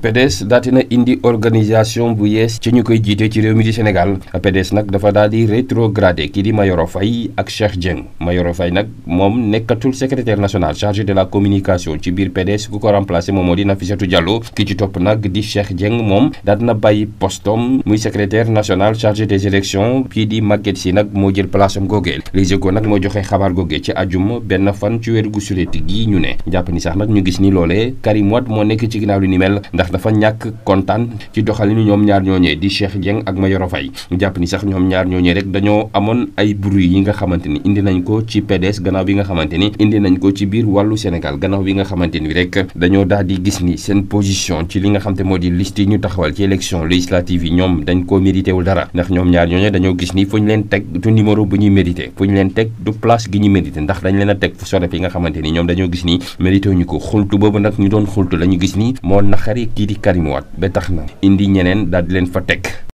PDS daati na indi organisation bu yees ci ñu koy jiite ci réew mi di Sénégal PDS nag dafa daal di rétrogradé kii di Mayoro Faye ak Cheikh Dieng Mayoro Faye nag moom nekkatul secrétaire national chargé de la communication ci biir PDS ku ko remplacé moom moo di Nafissatou Diallo kii ci topp nag di Cheikh Dieng moom daal na bàyyi postom muy secrétaire national chargé des élections kii di Maguette Sy nag moo jël place am googee Les nag moo joxe xabaar googee ci ajuma benn fan ci weer gu suleeti gi ñu ne jàpp ni sax nag ñu gis ni loolee Karim Wade moo nekk ci ginnaaw li ni mel ndax ndax dafa ñàkk kontaan ci doxalinu ñoom ñaar ñooñee di Cheikh Dieng ak Mayoro Faye mu jàpp ni sax ñoom ñaar ñooñee rek dañoo amoon ay bruit yi nga xamante ni indi nañ ko ci PDS gannaaw bi nga xamante ni indi nañ ko ci biir wàllu Sénégal gannaaw bi nga xamante ni rek dañoo daal di gis ni seen position ci li nga xam te moo di liste yi ñu taxawal ci élection législative yi ñoom dañ ko mérité wul dara ndax ñoom ñaar ñooñee dañoo gis ni fu ñu leen teg du numéro bu ñuy mérité fu leen teg du place gi ñu mérité ndax dañ leen a teg fu sore nga xamante ni ñoom dañoo gis ni mérité ñu ko xultu boobu nag ñu doon xultu la ñu gis ni moo naxari kii di Karim Wade tax na indi ñeneen daal di leen fa teg